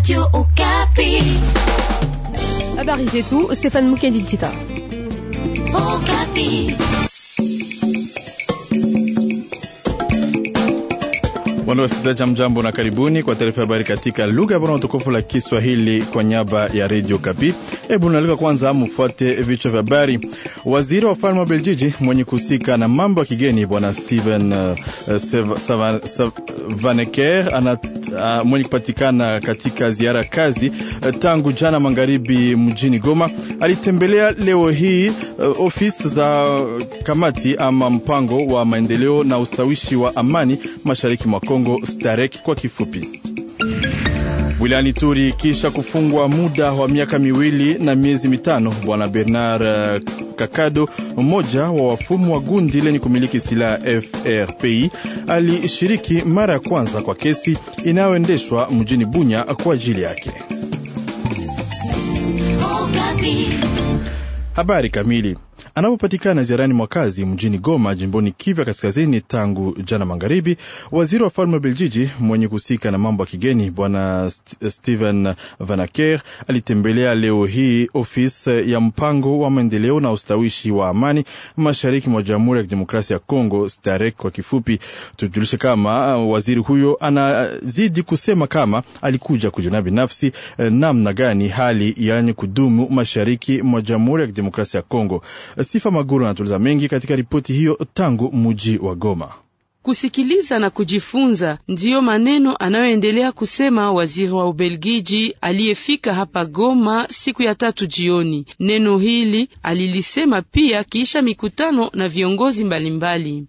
Radio Okapi. Habari zetu, Stefan Mukendi Okapi. Bwana wasikilizaji, mjambo na karibuni kwa taarifa habari katika lugha ya bora utukufu la Kiswahili kwa niaba ya Radio Kapi. Hebu nalika kwanza mfuate vichwa vya habari. Waziri wa falme wa Beljiji mwenye kuhusika na mambo ya kigeni Bwana Steven uh, uh, mwenye kupatikana katika ziara kazi uh, tangu jana magharibi mjini Goma alitembelea leo hii uh, ofisi za kamati ama mpango wa maendeleo na ustawishi wa amani mashariki mwa Kongo, Starek kwa kifupi wilayani Turi kisha kufungwa muda wa miaka miwili na miezi mitano. Bwana Bernard uh, Kakado, mmoja wa wafumu wa gundi lenye kumiliki silaha FRPI, alishiriki mara ya kwanza kwa kesi inayoendeshwa mjini Bunya kwa ajili yake. Oh, Habari kamili anapopatikana ziarani mwakazi mjini Goma, jimboni Kivu Kaskazini tangu jana magharibi. Waziri wa falme wa Beljiji mwenye kuhusika na mambo ya kigeni Bwana stehen Vanaker alitembelea leo hii ofisi ya mpango wa maendeleo na ustawishi wa amani mashariki mwa Jamhuri ya Kidemokrasia ya Kongo, STAREK kwa kifupi. Tujulishe kama uh, waziri huyo anazidi kusema kama alikuja kujiona binafsi uh, namna gani hali yanye kudumu mashariki mwa Jamhuri ya Kidemokrasia ya Kongo. Sifa Maguru anatueleza mengi katika ripoti hiyo tangu muji wa Goma kusikiliza na kujifunza ndiyo maneno anayoendelea kusema waziri wa Ubelgiji aliyefika hapa Goma siku ya tatu jioni. Neno hili alilisema pia kisha mikutano na viongozi mbalimbali.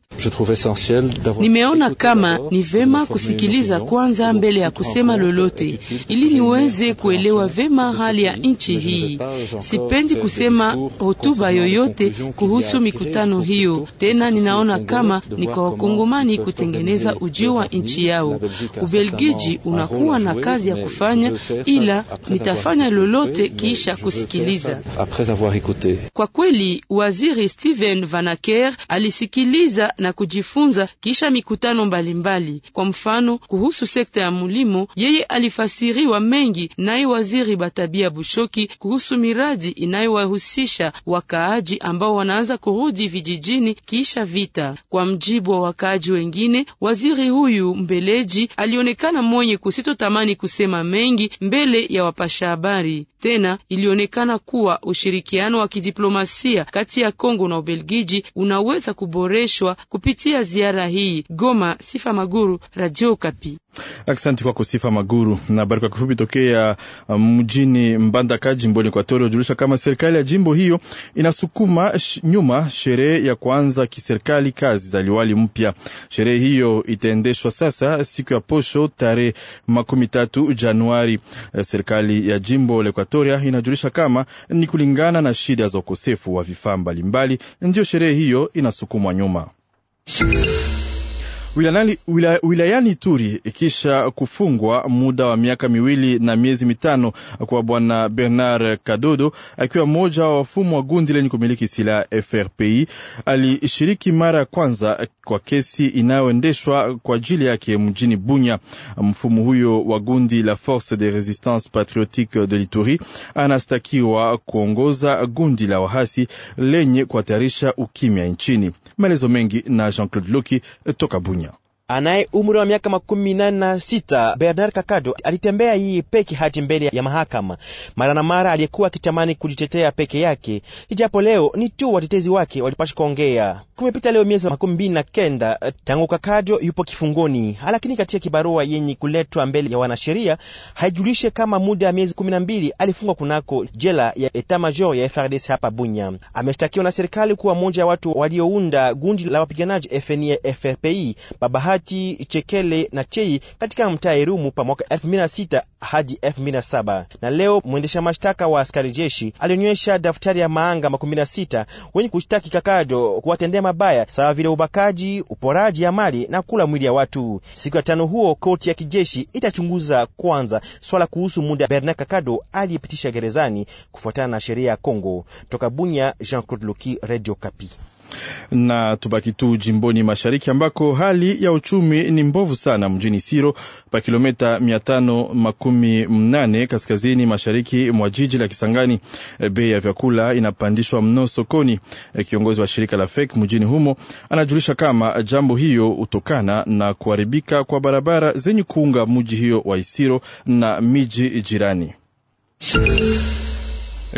Nimeona kama ni vema kusikiliza kwanza mbele ya kusema lolote, ili niweze kuelewa vema hali ya nchi hii. Sipendi kusema hotuba yoyote kuhusu mikutano hiyo, tena ninaona kama ni kwa Wakongomani ni kutengeneza ujio wa nchi yao. Ubelgiji unakuwa na kazi ya kufanya, ila nitafanya lolote kisha kusikiliza. Kwa kweli, waziri Steven Vanaker alisikiliza na kujifunza kisha mikutano mbalimbali mbali. Kwa mfano kuhusu sekta ya mulimo, yeye alifasiriwa mengi naye waziri Batabia Bushoki kuhusu miradi inayowahusisha wakaaji ambao wanaanza kurudi vijijini kisha vita. Kwa mjibu wa wakaaji wakaaji wengine, waziri huyu mbeleji alionekana mwenye kusitotamani kusema mengi mbele ya wapasha habari. Tena ilionekana kuwa ushirikiano wa kidiplomasia kati ya Kongo na Ubelgiji unaweza kuboreshwa kupitia ziara hii. Goma, Sifa Maguru, Radio Kapi. Aksanti kwako Sifa Maguru. Na habari kwa kifupi tokea um, mjini Mbandaka jimboni Ekwatoria hujulisha kama serikali ya jimbo hiyo inasukuma sh, nyuma sherehe ya kuanza kiserikali kazi za liwali mpya. Sherehe hiyo itaendeshwa sasa siku ya posho tarehe makumi tatu Januari. Eh, serikali ya jimbo la Ekuatoria inajulisha kama ni kulingana na shida za ukosefu wa vifaa mbalimbali, ndiyo sherehe hiyo inasukumwa nyuma. Wilayani, turi kisha kufungwa muda wa miaka miwili na miezi mitano kwa bwana Bernard Kadodo akiwa mmoja wa wafumu wa gundi lenye kumiliki silaha FRPI. Alishiriki mara ya kwanza kwa kesi inayoendeshwa kwa ajili yake mjini Bunya. Mfumu huyo wa gundi la Force de Resistance Patriotique de l'Ituri anastakiwa kuongoza gundi la wahasi lenye kuhatarisha ukimya nchini. Maelezo mengi na Jean Claude luki toka Bunya anaye umri wa miaka makumi nane na sita Bernard Kakado alitembea hii peke hadi mbele ya mahakama mara na mara, aliyekuwa akitamani kujitetea peke yake, ijapo leo ni tu watetezi wake walipasha kuongea. Kumepita leo miezi makumi mbili na kenda tangu Kakado yupo kifungoni, lakini katika kibarua yenye kuletwa mbele ya wanasheria haijulishe kama muda ya miezi kumi na mbili alifungwa kunako jela ya eta major ya FRDC hapa Bunya. Ameshtakiwa na serikali kuwa moja ya watu waliounda gundi la wapiganaji FNI e FRPI kati Chekele na Chei katika mtaa Irumu pa mwaka 2006 hadi 2007. Na leo mwendesha mashtaka wa askari jeshi alionyesha daftari ya maanga 16 wenye kushtaki Kakado kuwatendea mabaya sawa vile ubakaji, uporaji ya mali na kula mwili ya watu. Siku ya tano huo koti ya kijeshi itachunguza kwanza swala kuhusu muda Bernard Kakado aliyepitisha gerezani kufuatana na sheria ya Kongo. Toka Bunya, Jean Claude Luki, Radio Kapi. Na tubaki tu jimboni mashariki ambako hali ya uchumi ni mbovu sana mjini Siro pa kilometa mia tano makumi mnane kaskazini mashariki mwa jiji la Kisangani. E, bei ya vyakula inapandishwa mno sokoni. E, kiongozi wa shirika la FEK mjini humo anajulisha kama jambo hiyo hutokana na kuharibika kwa barabara zenye kuunga mji hiyo wa Isiro na miji jirani.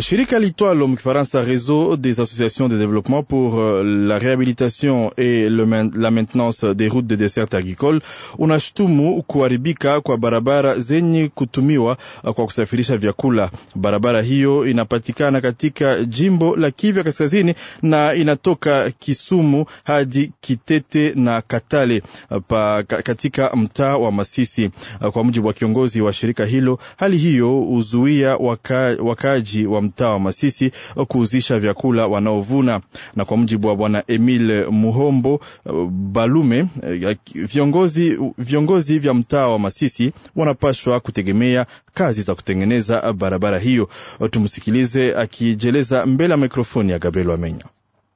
Shirika litwalo mkifaransa Réseau des associations de développement pour euh, la réhabilitation et le main, la maintenance des routes de dessert agricole unashutumu kuharibika kwa barabara zenye kutumiwa euh, kwa kusafirisha vyakula. Barabara hiyo inapatikana katika jimbo la Kivu Kaskazini na inatoka Kisumu hadi Kitete na Katale euh, pa, katika mtaa wa Masisi. Kwa mujibu wa kiongozi wa shirika hilo, hali hiyo huzuia wakaaji wa mtaa wa Masisi kuuzisha vyakula wanaovuna. Na kwa mujibu wa bwana emil Muhombo Balume, viongozi, viongozi vya mtaa wa Masisi wanapashwa kutegemea kazi za kutengeneza barabara hiyo. Tumsikilize akijieleza mbele ya mikrofoni ya Gabriel Wamenya.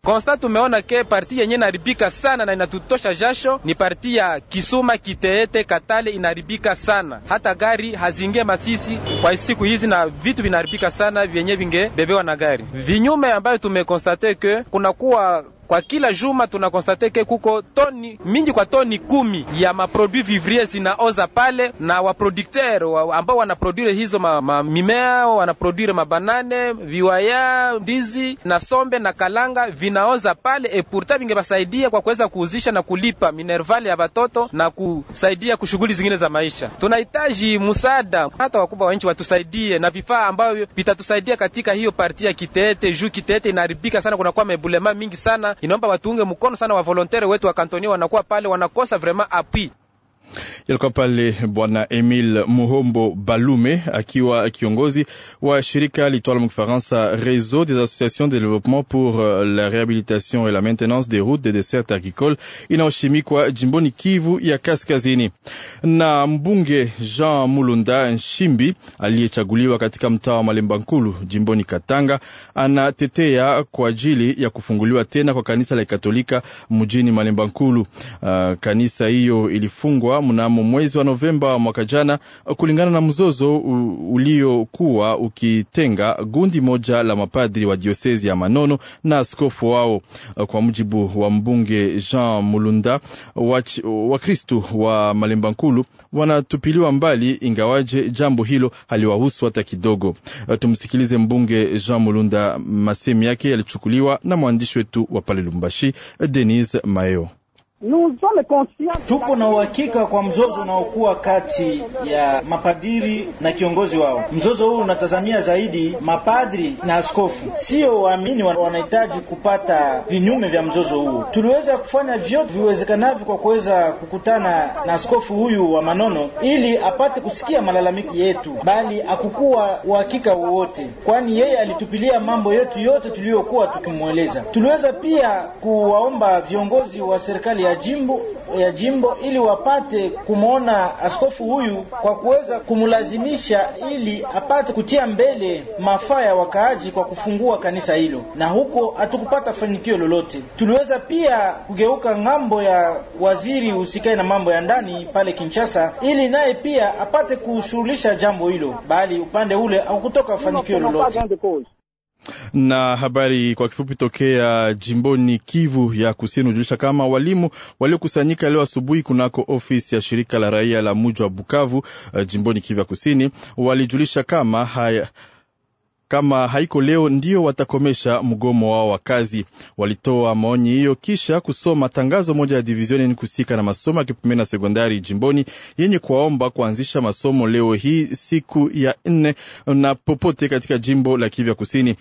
Konstat tumeona ke parti yenye inaribika sana na inatutosha jasho ni parti ya Kisuma Kiteete Katale, inaribika sana hata gari hazingie Masisi kwa siku hizi, na vitu vinaribika sana vyenye vingebebewa na gari vinyume, ambayo tumekonstate ke kunakuwa kwa kila juma tunakonstateke kuko toni mingi kwa toni kumi ya maproduit vivrier zinaoza pale, na waprodukter wa, ambao wanaproduire hizo ma, ma mimea wanaprodwire mabanane, viwaya, ndizi na sombe na kalanga vinaoza pale. Epurta vingevasaidia kwa kuweza kuuzisha na kulipa minervali ya watoto na kusaidia kushughuli zingine za maisha. Tunahitaji msaada hata wakubwa wa nchi watusaidie na vifaa ambavyo vitatusaidia katika hiyo parti ya Kiteete juu Kiteete inaharibika sana, kunakuwa mebulema mingi sana inaomba watuunge mkono sana, wa volontaire wetu wa kantoni wanakuwa pale, wanakosa vraiment appui yalikuwa pale bwana Emil Muhombo Balume akiwa kiongozi wa shirika litwala mkifaransa Reseau des associations de développement pour euh, la Rehabilitation et la maintenance des routes des dessertes agricoles inayoshimikwa jimboni Kivu ya Kaskazini. Na mbunge Jean Mulunda Nshimbi aliyechaguliwa katika mtaa wa Malemba Nkulu jimboni Katanga anatetea kwa ajili ya kufunguliwa tena kwa kanisa la Katolika mjini Malemba Nkulu. Uh, kanisa hiyo ilifungwa mnamo mnamo mwezi wa Novemba mwaka jana, kulingana na mzozo uliokuwa ukitenga gundi moja la mapadri wa diosezi ya Manono na askofu wao. Kwa mujibu wa mbunge Jean Mulunda, Wakristu wa, wa Malemba Nkulu wanatupiliwa mbali, ingawaje jambo hilo haliwahusu hata kidogo. Tumsikilize mbunge Jean Mulunda, masemi yake yalichukuliwa na mwandishi wetu wa pale Lumbashi, Denis Mayo. Tupo na uhakika kwa mzozo unaokuwa kati ya mapadiri na kiongozi wao. Mzozo huu unatazamia zaidi mapadri na askofu, sio waamini wanahitaji kupata vinyume vya mzozo huu. Tuliweza kufanya vyote viwezekanavyo kwa kuweza kukutana na askofu huyu wa Manono ili apate kusikia malalamiki yetu, bali akukuwa uhakika wowote, kwani yeye alitupilia mambo yetu yote tuliyokuwa tukimweleza. Tuliweza pia kuwaomba viongozi wa serikali ya jimbo, ya jimbo ili wapate kumwona askofu huyu kwa kuweza kumlazimisha ili apate kutia mbele mafaa ya wakaaji kwa kufungua kanisa hilo, na huko hatukupata fanikio lolote. Tuliweza pia kugeuka ng'ambo ya waziri husikani na mambo ya ndani pale Kinshasa, ili naye pia apate kushughulisha jambo hilo, bali upande ule hakutoka fanikio lolote. Na habari kwa kifupi tokea jimboni Kivu ya Kusini hujulisha kama walimu waliokusanyika leo asubuhi kunako ofisi ya shirika la raia la muji wa Bukavu, uh, jimboni Kivu ya Kusini walijulisha kama haya kama haiko leo ndio watakomesha mgomo wao wa kazi. Walitoa maoni hiyo kisha kusoma tangazo moja ya divizioni ni kusika na masomo ya kiprimari na sekondari jimboni yenye kuwaomba kuanzisha masomo leo hii siku ya nne na popote katika jimbo la kivya Kusini.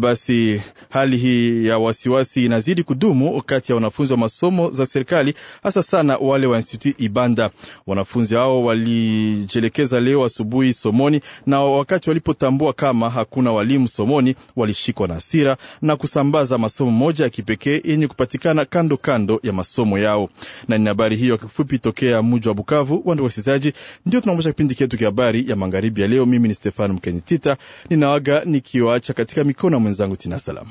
Basi Hali hii ya wasiwasi inazidi kudumu kati ya wanafunzi wa masomo za serikali, hasa sana wale wa Institut Ibanda. Wanafunzi hao walijielekeza leo asubuhi somoni, na wakati walipotambua kama hakuna walimu somoni, walishikwa na hasira na kusambaza masomo moja ya kipekee yenye kupatikana kando kando ya masomo yao. Na ni habari hiyo kifupi tokea mji wa Bukavu. Wandugu wasikilizaji, ndio tunaomosha kipindi chetu cha habari ya magharibi ya leo. Mimi ni Stefano Mkenitita, ninawaga nikiwaacha katika mikono ya mwenzangu Tina Salama.